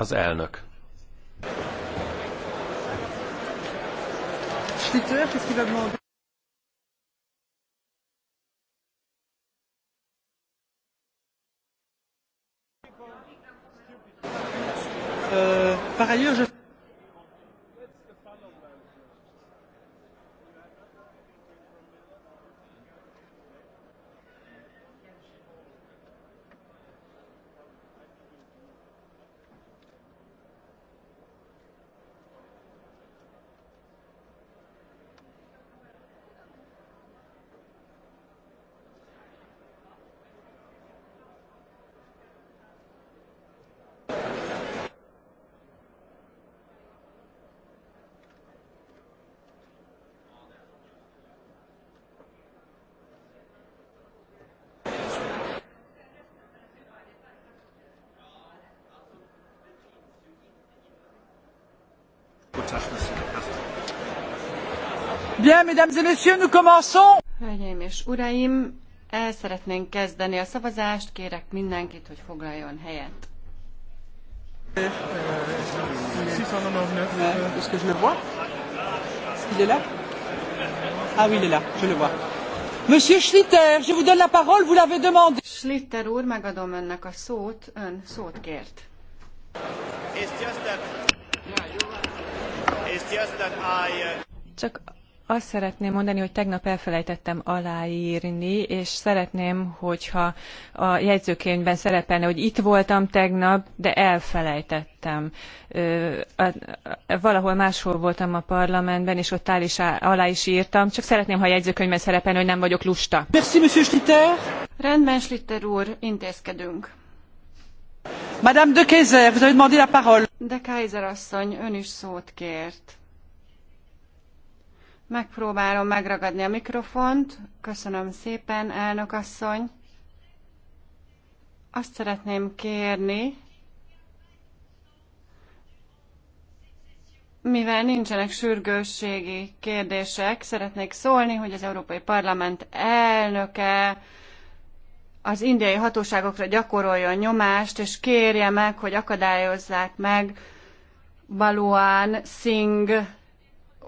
Az elnök. Euh, par ailleurs, je... Bien, mesdames et messieurs, nous commençons. Hölgyeim és uraim, el szeretnénk kezdeni a szavazást, kérek mindenkit, hogy foglaljon helyet. Euh, est-ce que je le vois Est-ce qu'il est là Ah oui, il est là, je le vois. Monsieur Schlitter, je vous donne la parole, vous l'avez demandé. Schlitter úr, megadom önnek a szót, ön szót kért. Uh, Csak azt szeretném mondani, hogy tegnap elfelejtettem aláírni, és szeretném, hogyha a jegyzőkönyvben szerepelne, hogy itt voltam tegnap, de elfelejtettem. Valahol máshol voltam a parlamentben, és ott áll is, alá is írtam, csak szeretném, ha a jegyzőkönyvben szerepelne, hogy nem vagyok lusta. Merci, monsieur Schlitter. Rendben, Schlitter úr, intézkedünk. Madame de Kaiser, vous avez demandé la parole. De Kaiser asszony, ön is szót kért. Megpróbálom megragadni a mikrofont. Köszönöm szépen, elnök asszony. Azt szeretném kérni, mivel nincsenek sürgősségi kérdések, szeretnék szólni, hogy az Európai Parlament elnöke az indiai hatóságokra gyakoroljon nyomást, és kérje meg, hogy akadályozzák meg Baluan Singh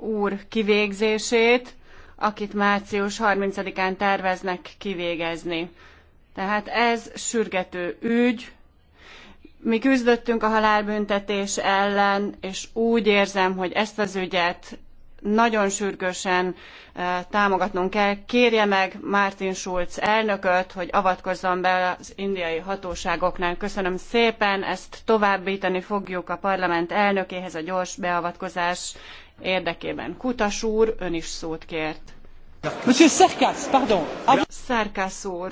úr kivégzését, akit március 30-án terveznek kivégezni. Tehát ez sürgető ügy. Mi küzdöttünk a halálbüntetés ellen, és úgy érzem, hogy ezt az ügyet nagyon sürgősen eh, támogatnunk kell. Kérje meg Martin Schulz elnököt, hogy avatkozzon be az indiai hatóságoknál. Köszönöm szépen, ezt továbbítani fogjuk a parlament elnökéhez a gyors beavatkozás érdekében. Kutas úr, ön is szót kért. Monsieur Szerkász, pardon. Szerkász úr.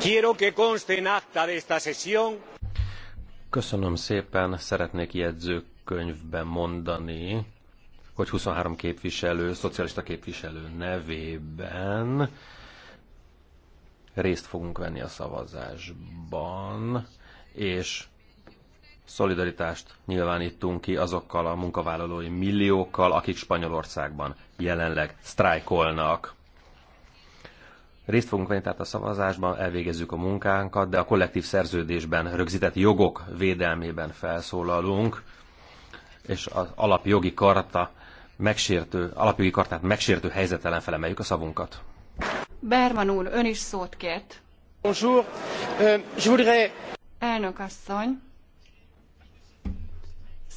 Quiero que conste en acta de esta sesión Köszönöm szépen, szeretnék jegyzőkönyvben mondani, hogy 23 képviselő, szocialista képviselő nevében részt fogunk venni a szavazásban, és szolidaritást nyilvánítunk ki azokkal a munkavállalói milliókkal, akik Spanyolországban jelenleg sztrájkolnak. Részt fogunk venni tehát a szavazásban, elvégezzük a munkánkat, de a kollektív szerződésben rögzített jogok védelmében felszólalunk, és az alapjogi karta megsértő, alapjogi kartát megsértő helyzet ellen felemeljük a szavunkat. Berman úr, ön is szót kért. Bonjour. Euh, je voudrais... Elnök asszony,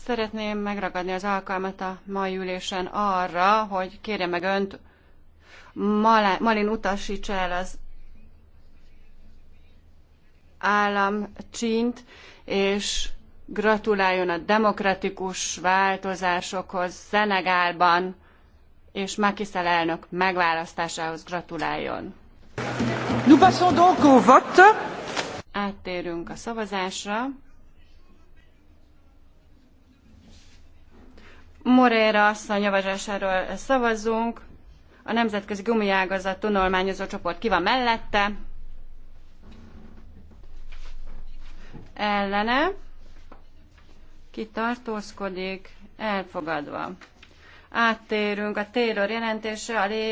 szeretném megragadni az alkalmat a mai ülésen arra, hogy kérjem meg önt, Malin utasítsa el az államcsínt, és gratuláljon a demokratikus változásokhoz Szenegálban, és Makiszel elnök megválasztásához gratuláljon. Nous passons donc au vote. Áttérünk a szavazásra. Moreira asszony javaslatáról szavazunk. A Nemzetközi Gumiágazat tanulmányozó Csoport ki van mellette? Ellene ki tartózkodik, elfogadva. Áttérünk a Taylor jelentése, a lég